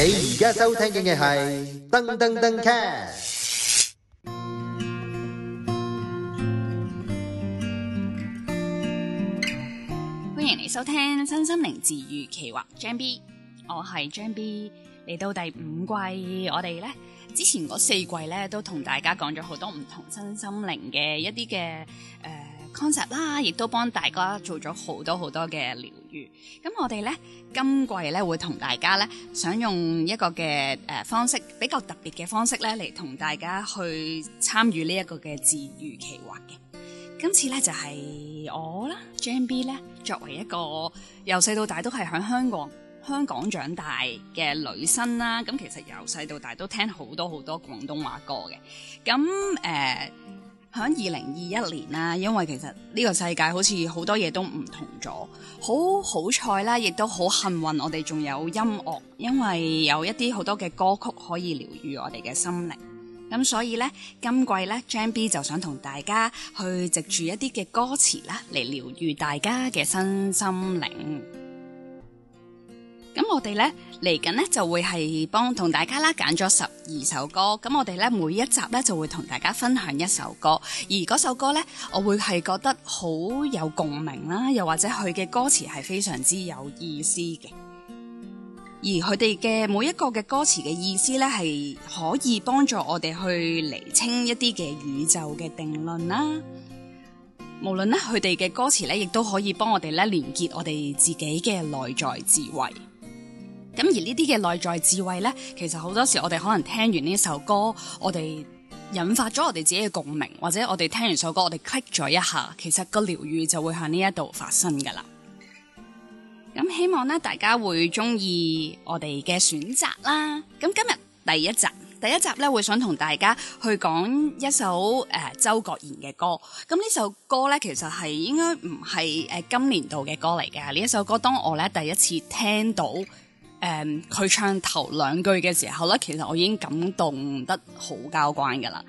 你而家收聽嘅係噔噔噔 cast 歡迎你收聽《新心靈治愈奇話》jam B，我係 jam B，嚟到第五季，我哋咧之前嗰四季咧都同大家講咗好多唔同新心靈嘅一啲嘅誒 concept 啦，亦都幫大家做咗好多好多嘅咁我哋呢，今季呢，會同大家呢，想用一個嘅誒、呃、方式比較特別嘅方式呢，嚟同大家去參與呢一個嘅治癒企劃嘅。今次呢，就係、是、我啦 JMB 呢，作為一個由細到大都係喺香港香港長大嘅女生啦，咁其實由細到大都聽好多好多廣東話歌嘅，咁誒。呃喺二零二一年啦，因為其實呢個世界好似好多嘢都唔同咗。好好彩啦，亦都好幸運，我哋仲有音樂，因為有一啲好多嘅歌曲可以療愈我哋嘅心靈，咁所以呢，今季呢 Jam B 就想同大家去藉住一啲嘅歌詞啦，嚟療愈大家嘅新心靈。咁我哋呢嚟緊呢就會係幫同大家啦揀咗十二首歌，咁我哋呢每一集呢就會同大家分享一首歌，而嗰首歌呢我會係覺得好有共鳴啦，又或者佢嘅歌詞係非常之有意思嘅，而佢哋嘅每一個嘅歌詞嘅意思呢係可以幫助我哋去釐清一啲嘅宇宙嘅定論啦，無論呢，佢哋嘅歌詞呢亦都可以幫我哋呢連結我哋自己嘅內在智慧。咁而呢啲嘅內在智慧呢，其實好多時我哋可能聽完呢首歌，我哋引發咗我哋自己嘅共鳴，或者我哋聽完首歌，我哋咳咗一下，其實個療癒就會喺呢一度發生㗎喇。咁希望呢，大家會中意我哋嘅選擇啦。咁今日第一集，第一集呢，會想同大家去講一首誒、呃、周國賢嘅歌。咁呢首歌呢，其實係應該唔係誒今年度嘅歌嚟嘅。呢一首歌，當我呢第一次聽到，誒，佢、um，唱頭兩句嘅時候咧，其實我已經感動得好交關㗎喇。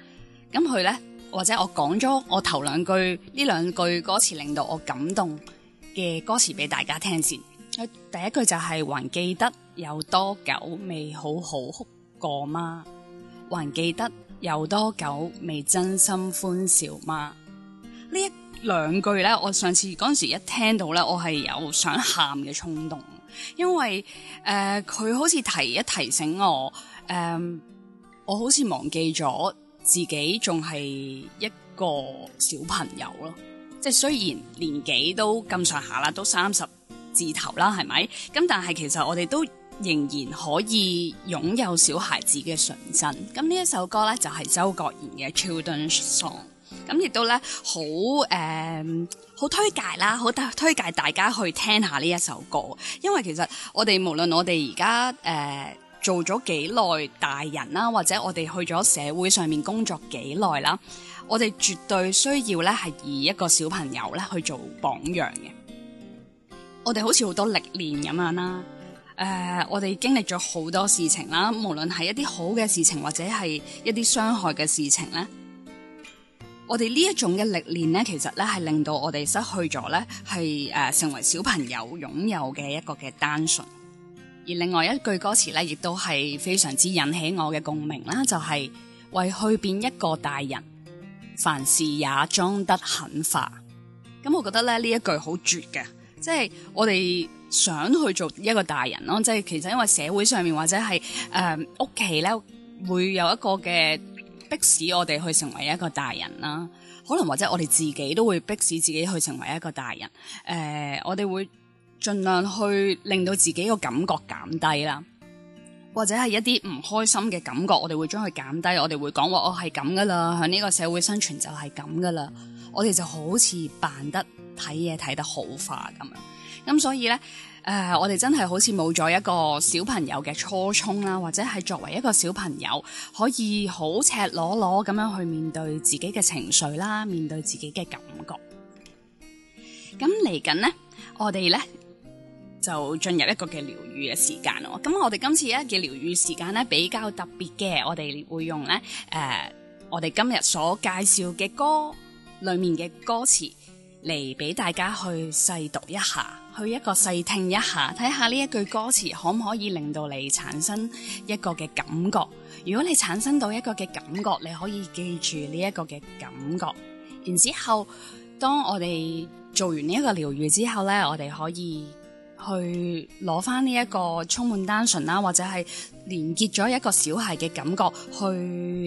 咁佢呢，或者我講咗我頭兩句呢兩句歌詞，令到我感動嘅歌詞俾大家聽先。第一句就係、是、還記得有多久未好好哭過嗎？還記得有多久未真心歡笑嗎？呢一兩句呢，我上次嗰陣時一聽到呢，我係有想喊嘅衝動。因為誒，佢、呃、好似提一提醒我，誒、呃，我好似忘記咗自己仲係一個小朋友咯。即係雖然年紀都咁上下啦，都三十字頭啦，係咪？咁但係其實我哋都仍然可以擁有小孩子嘅純真。咁呢一首歌咧就係周國賢嘅《Children's Song》。咁亦都咧好誒，好、呃、推介啦，好推介大家去聽下呢一首歌。因為其實我哋無論我哋而家誒做咗幾耐大人啦，或者我哋去咗社會上面工作幾耐啦，我哋絕對需要咧係以一個小朋友咧去做榜樣嘅。我哋好似好多歷練咁樣啦，誒、呃、我哋經歷咗好多事情啦，無論係一啲好嘅事情或者係一啲傷害嘅事情咧。我哋呢一種嘅歷練呢，其實呢係令到我哋失去咗呢係誒成為小朋友擁有嘅一個嘅單純。而另外一句歌詞呢，亦都係非常之引起我嘅共鳴啦，就係、是、為去變一個大人，凡事也裝得很化。咁、嗯、我覺得咧呢一句好絕嘅，即係我哋想去做一個大人咯，即係其實因為社會上面或者係誒屋企呢，會有一個嘅。逼使我哋去成為一個大人啦，可能或者我哋自己都會逼使自己去成為一個大人。誒、呃，我哋會盡量去令到自己個感覺減低啦，或者係一啲唔開心嘅感覺，我哋會將佢減低。我哋會講話哦，係咁噶啦，喺呢個社會生存就係咁噶啦。我哋就好似扮得睇嘢、睇得好化咁樣，咁、嗯、所以呢。誒，uh, 我哋真係好似冇咗一個小朋友嘅初衷啦，或者係作為一個小朋友，可以好赤裸裸咁樣去面對自己嘅情緒啦，面對自己嘅感覺。咁嚟緊呢，我哋呢就進入一個嘅療愈嘅時間咯。咁我哋今次咧嘅療愈時間呢，比較特別嘅，我哋會用呢，誒、uh，我哋今日所介紹嘅歌裏面嘅歌詞。嚟俾大家去細讀一下，去一個細聽一下，睇下呢一句歌詞可唔可以令到你產生一個嘅感覺。如果你產生到一個嘅感覺，你可以記住呢一個嘅感覺。然之後，當我哋做完呢一個療愈之後咧，我哋可以。去攞翻呢一個充滿單純啦，或者係連結咗一個小孩嘅感覺去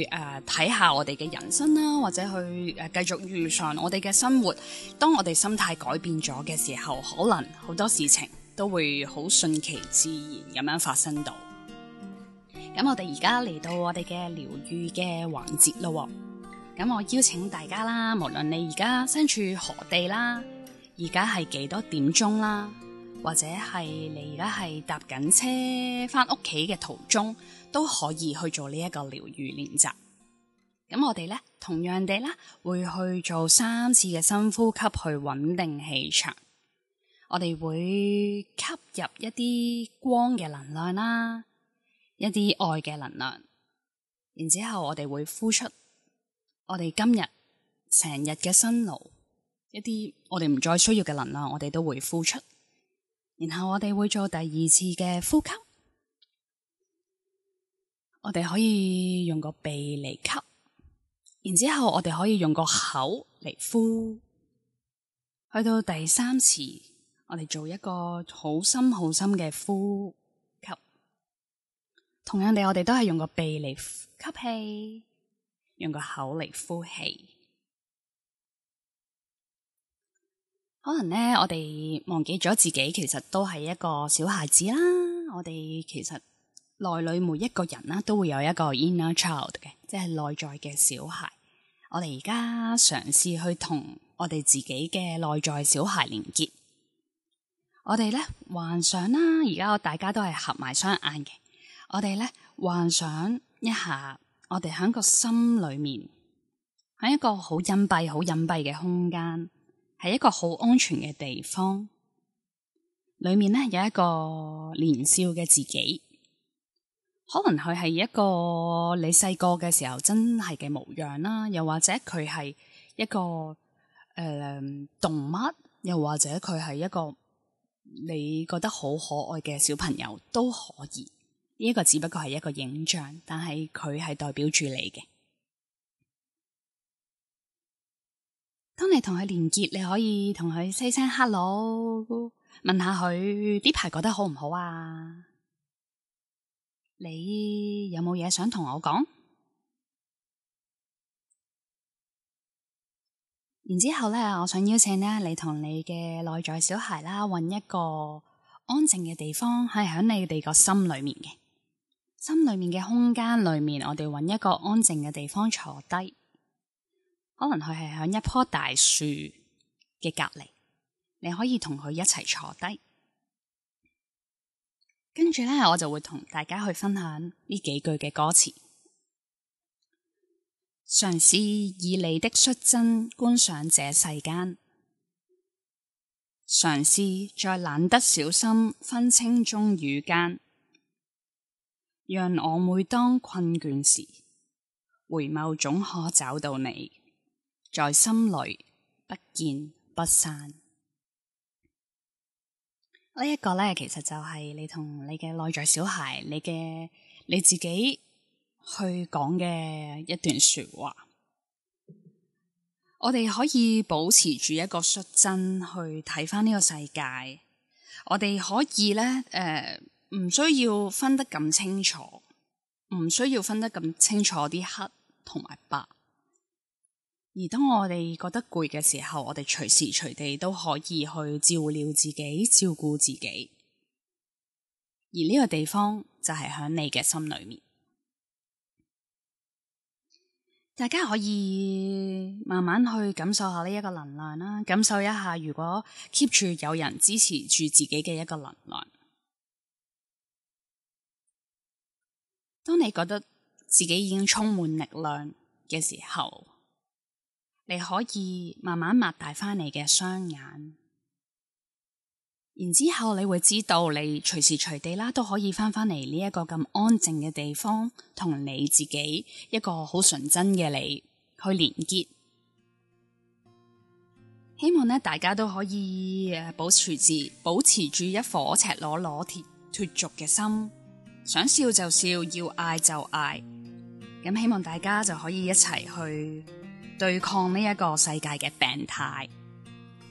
誒睇下我哋嘅人生啦，或者去誒、呃、繼續遇上我哋嘅生活。當我哋心態改變咗嘅時候，可能好多事情都會好順其自然咁樣發生到。咁我哋而家嚟到我哋嘅療愈嘅環節咯。咁我邀請大家啦，無論你而家身處何地啦，而家係幾多點鐘啦？或者係你而家係搭緊車翻屋企嘅途中都可以去做療呢一個療癒練習。咁我哋咧同樣地咧會去做三次嘅深呼吸，去穩定氣場。我哋會吸入一啲光嘅能量啦，一啲愛嘅能量。然之後我哋會呼出我哋今日成日嘅辛勞，一啲我哋唔再需要嘅能量，我哋都會呼出。然後我哋會做第二次嘅呼吸，我哋可以用個鼻嚟吸，然之後我哋可以用個口嚟呼，去到第三次，我哋做一個好深好深嘅呼吸，同樣地我哋都係用個鼻嚟吸氣，用個口嚟呼氣。可能咧，我哋忘記咗自己，其實都係一個小孩子啦。我哋其實內裏每一個人啦，都會有一個 inner child 嘅，即係內在嘅小孩。我哋而家嘗試去同我哋自己嘅內在小孩連結。我哋咧幻想啦，而家大家都係合埋雙眼嘅。我哋咧幻想一下，我哋喺個心裏面，喺一個好隱蔽、好隱蔽嘅空間。係一個好安全嘅地方，裏面呢，有一個年少嘅自己，可能佢係一個你細個嘅時候真係嘅模樣啦，又或者佢係一個誒、呃、動物，又或者佢係一個你覺得好可愛嘅小朋友都可以。呢、這、一個只不過係一個影像，但係佢係代表住你嘅。當你同佢連結，你可以同佢 say 聲 hello，問下佢呢排過得好唔好啊？你有冇嘢想同我講？然之後咧，我想邀請咧你同你嘅內在小孩啦，揾一個安靜嘅地方，係響你哋個心裏面嘅心裏面嘅空間裏面，我哋揾一個安靜嘅地方坐低。可能佢係響一棵大樹嘅隔離，你可以同佢一齊坐低，跟住呢，我就會同大家去分享呢幾句嘅歌詞。嘗試以你的率真觀賞這世間，嘗試再懶得小心分清中與間，讓我每當困倦時回眸，總可找到你。在心裏不見不散。這個、呢一個咧，其實就係你同你嘅內在小孩，你嘅、你自己去講嘅一段說話。我哋可以保持住一個率真去睇返呢個世界。我哋可以咧，誒、呃，唔需要分得咁清楚，唔需要分得咁清楚啲黑同埋白。而當我哋覺得攰嘅時候，我哋隨時隨地都可以去照料自己、照顧自己。而呢個地方就係響你嘅心裏面。大家可以慢慢去感受下呢一個能量啦，感受一下，如果 keep 住有人支持住自己嘅一個能量。當你覺得自己已經充滿力量嘅時候，你可以慢慢擘大翻你嘅雙眼，然之後你會知道，你隨時隨地啦都可以翻返嚟呢一個咁安靜嘅地方，同你自己一個好純真嘅你去連結。希望呢，大家都可以保持住，保持住一顆赤裸裸脫脫俗嘅心，想笑就笑，要嗌就嗌，咁希望大家就可以一齊去。對抗呢一個世界嘅病態，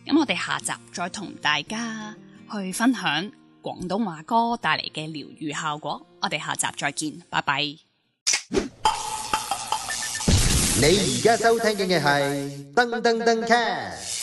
咁我哋下集再同大家去分享廣東話歌帶嚟嘅療癒效果。我哋下集再見，拜拜！你而家收聽嘅係《噔噔噔 c